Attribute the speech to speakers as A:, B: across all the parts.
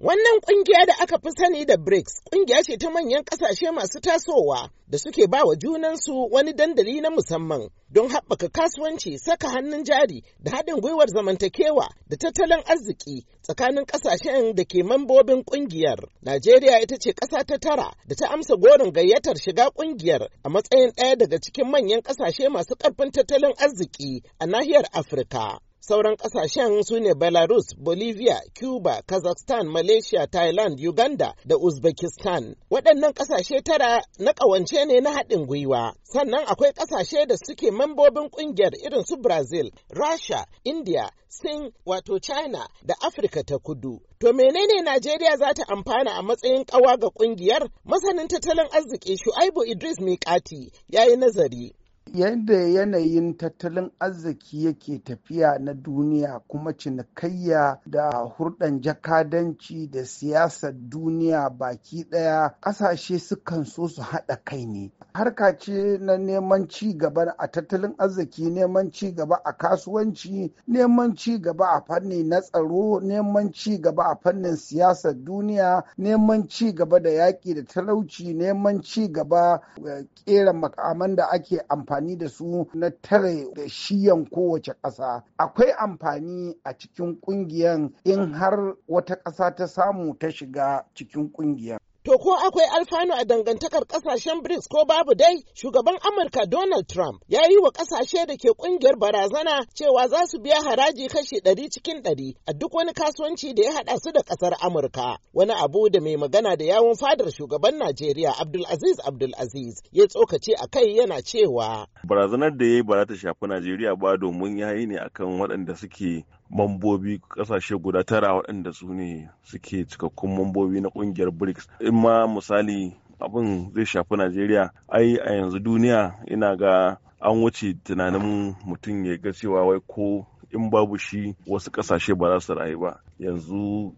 A: Wannan kungiya da aka fi sani da BRICS kungiya ce ta manyan ƙasashe masu tasowa da suke ba wa junansu wani dandali na musamman don haɓaka kasuwanci, saka hannun jari da haɗin gwiwar zamantakewa da tattalin arziki tsakanin kasashen da ke mambobin kungiyar. Najeriya ita ce ƙasa ta tara da ta amsa gorin gayyatar shiga kungiyar a matsayin ɗaya daga cikin manyan ƙasashe masu ƙarfin tattalin arziki a nahiyar Afirka. Sauran ƙasashen su ne Belarus, Bolivia, Cuba, Kazakhstan, Malaysia, Thailand, Uganda da Uzbekistan. Waɗannan ƙasashe tara na ƙawance ne na haɗin gwiwa. Sannan akwai ƙasashe da suke mambobin ƙungiyar irin su Brazil, Russia, India, Sin wato China da Afirka ta kudu. To menene Najeriya za ta amfana a matsayin ƙawa ga ƙungiyar? Masanin tattalin arziki Shu'aibu Idris Mikati ya yi nazari.
B: yadda yanayin tattalin arziki yake tafiya na duniya kuma cinikayya da hurdan jakadanci da siyasar duniya baki ɗaya, ƙasashe sukan so su haɗa kai ne harka ce na neman ci gaba a tattalin arziki neman ci gaba a kasuwanci neman ci gaba a fanni na tsaro neman ci gaba a fannin siyasar duniya neman ci gaba da yaƙi da talauci neman ci gaba eh, ƙera makaman da ake amfani amfani da su na tare da shiyan kowace ƙasa akwai amfani a cikin ƙungiyan in har wata ƙasa ta
A: samu ta shiga cikin ƙungiyan. To ko akwai alfanu a dangantakar kasashen BRICS ko babu dai? Shugaban Amurka Donald Trump ya yi wa kasashe da ke kungiyar barazana cewa za su biya haraji kashi ɗari cikin ɗari a duk wani kasuwanci da ya haɗa su da ƙasar Amurka. Wani abu da mai magana da yawun fadar shugaban Najeriya Abdulaziz Abdulaziz ya tsokace a kai yana cewa.
C: Barazanar da ya yi ba za ta shafi Najeriya ba domin ya yi ne akan waɗanda suke mambobi kasashe guda tara waɗanda su ne suke cikakkun mambobi na ƙungiyar brics in ma misali abin zai shafi najeriya ai a yanzu duniya ina ga an wuce tunanin mutum ya ga cewa wai ko in babu shi wasu ƙasashe ba za su rayu ba yanzu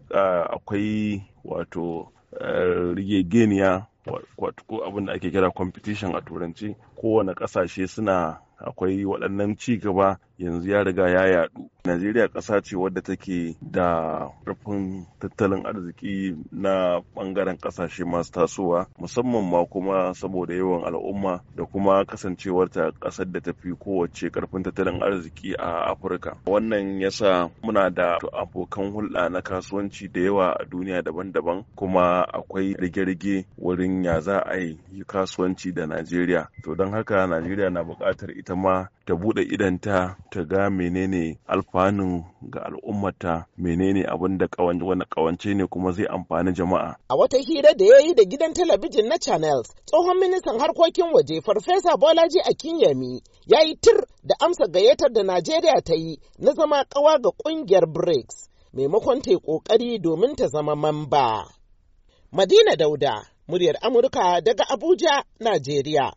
C: akwai wato rigegeniya wato ko abin da ake kira competition a turanci kowane ƙasashe suna akwai waɗannan ci gaba yanzu ya riga ya yadu. Najeriya ƙasa ce wadda take da ƙarfin tattalin arziki na ɓangaren ƙasashe masu tasowa musamman ma kuma saboda yawan al'umma da kuma kasancewar ta ƙasar da ta fi kowace ƙarfin tattalin arziki a Afirka. Wannan yasa muna da abokan hulɗa na kasuwanci da yawa a duniya daban-daban kuma akwai rige-rige wurin ya za a yi kasuwanci da Najeriya. To don haka Najeriya na buƙatar ita ita ma ta bude idanta ta ga menene alfanun ga al'ummata menene abin da wani kawance ne kuma zai amfani jama'a.
A: A wata hira da ya yi da gidan talabijin na Channels, tsohon ministan harkokin waje Farfesa Bolaji Akinyemi ya yi tir da amsa gayyatar da Najeriya ta yi na zama kawa ga kungiyar BRICS maimakon ta yi kokari domin ta zama mamba. Madina Dauda, muryar Amurka daga Abuja, Najeriya.